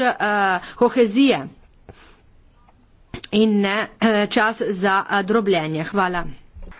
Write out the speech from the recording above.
uh, kohezije in ne uh, čas za uh, drobljenje. Hvala.